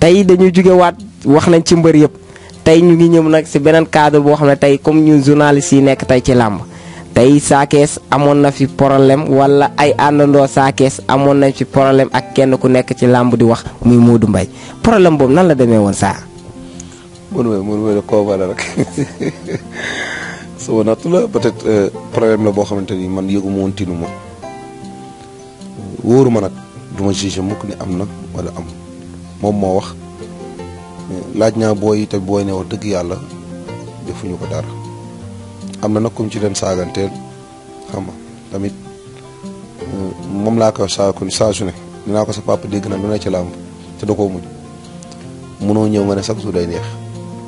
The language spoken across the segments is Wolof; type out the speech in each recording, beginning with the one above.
tey dañuy jóge waat wax nañ ci mbër yëpp tey ñu ngi ñëm nag si beneen cadre boo xam ne tey comme ñun journaliste yi nekk tey ci làmb tey saakees amoon na fi problème walla ay àndandoo saakees amoon na fi problème ak kenn ku nekk ci làmb di wax muy Modou mbay problème boobu nan la demee woon saa. Modou Mbaye Modou Mbaye da koo bare rek sama nattu la peut euh, la boo xamante ni man yëgu ti nu tinu ma wóoru nag du ma jugé mukk ni am na walla am. moom moo wax laaj naa booy te booy ne wax dëgg yàlla defuñu ko dara am na nag comme ci leen saaganteel xam nga tamit mm, moom laa ko saa kon saa su ne dinaa ko sa papa dégg na lu ne ci làmb te da koo muñ munoo ñëw nga ne chaque jour day neex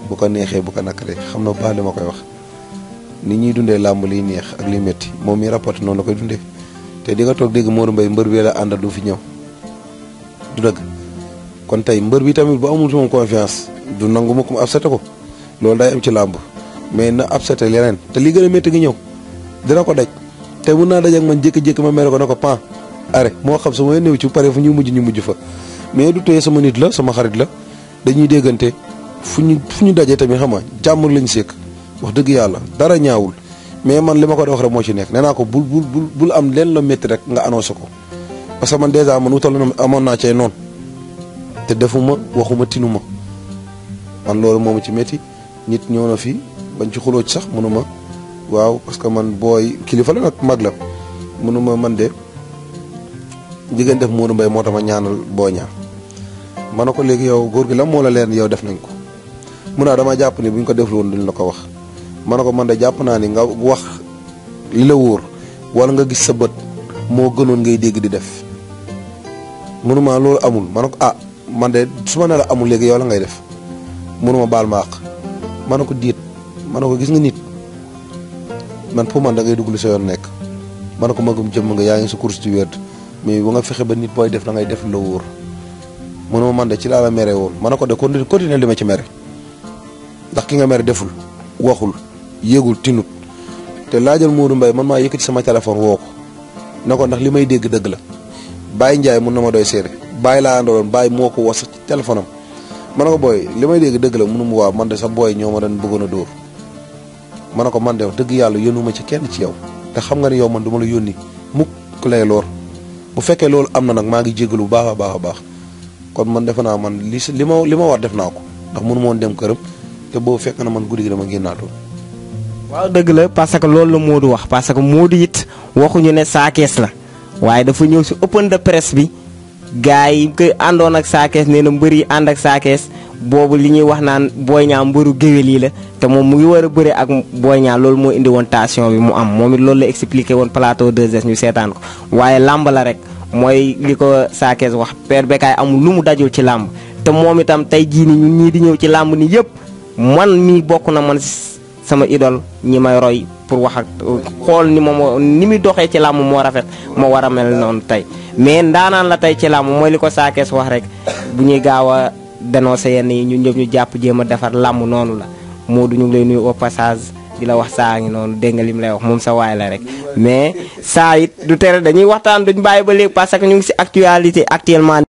bu ko neexee bu ko nakkaree xam na baax li ma koy wax nit ñuy dundee làmb liy neex ak liy métti moom mi rapporté noonu la koy dundee te di nga toog dégg Modou mbay mbër bi la àndal du fi ñëw du dëgg kon tey mbër bi tamit bu amul ci moom confiance du nangu ma ko mu abseté ko loolu day am ci làmb mais na abseté leneen te li gën a métti ngi ñëw dina ko daj te mun naa daj ak man jékki-jékki ma mere ko ne ko pan are moo xam sama yoon néew ci pare fu ñu mujj ñu mujj fa mais du tey sama nit la sama xarit la dañuy déggante fu ñu fu dajee tamit xam nga jàmm lañ sekk wax dëgg yàlla dara ñaawul mais man li ma ko wax rek moo ci nekk nee naa ko bul bul bul am leen la métti rek nga annoncé ko parce que man dèjà man wutal amoon naa cay noonu te defuma waxuma tinuma man loolu moom ci métti nit ñëw na fi bañ ci xuloo ci sax mënuma waaw parce que man booy kilifa la nag mag la mënuma man de jigéen def Modou mbay moo tax ma ñaanal boo ñaar ma ne ko léegi yow góor gi lan moo leen yow def nañ ko mun naa ah, dama jàpp ni bu ñu ko deflu woon la ko wax ma ne ko man de jàpp naa ni nga wax li la wóor wala nga gis sa bët moo gënoon ngay dégg di def mënuma loolu amul ma ne ko ah man de suma na la amul léegi yow la ngay def munuma bal ma manako dit manako gis nga nit man pour man da ngay dugg sa yon nek ma magum jëm nga yaangi ngi sa course ci wéet mais bu nga fexé ba nit boy def da ngay def lo wóor munuma man de ci la la mere won manako de continue lima ci mere ndax ki nga mere deful waxul yegul tinut té lajal Modou mbay man ma yëkëti sama téléphone woko nako ndax limay dégg dëgg la Baye ndjay mu na ma doy séré bay la àndoon bay moko wass ci téléphone manako boy limay deg deug la munu mu wa man de sa boy ñoma dañ doon door a man de deug yalla yonuma ci kenn ci yow te xam nga ni yow man duma la yónni mukk lay lor bu fekke lool amna nak ma ngi jéggelu baaxa baaxa baax kon man defe naa man lima lima war def ndax munu moon dem kërëm te bo fekk na man guddi gi dama naatu waaw deug la parce que lool la Modou wax parce que Modou it ñu ne caisse la waye dafa ñew ci open de presse bi gars yi koy àndoon ak saakees nee na mbër yi ànd ak saakees boobu li ñuy wax naan booy ñaa mbëru géwél yi la te moom mu ngi war a bëre ak booy ñaa loolu moo indi woon tension bi mu am moom it loolu la expliqué woon plateau 2S ñu seetaan ko waaye làmb la rek mooy li ko saakees wax Père Bécaye amul lu mu dajul ci làmb te moom itam tey jii ni ñun ñii di ñëw ci làmb ni yëpp man mii bokk na man sama idole ñi may roy pour wax ak xool ni moom ni muy doxee ci làmb moo rafet moo war a mel noonu tey mais ndaanaan la tey ci làmb mooy li ko saakees wax rek bu ñuy gaaw a dénoncé yenn yi ñun ñëpp ñu jàpp jéem a defar làmb noonu la moo du ñu ngi lay nuyu au passage di la wax saa ngi noonu dégg nga lim lay wax moom sa waay la rek mais saa it du tere dañuy waxtaan duñ bàyyi ba léegi parce ñu si actualité actuellement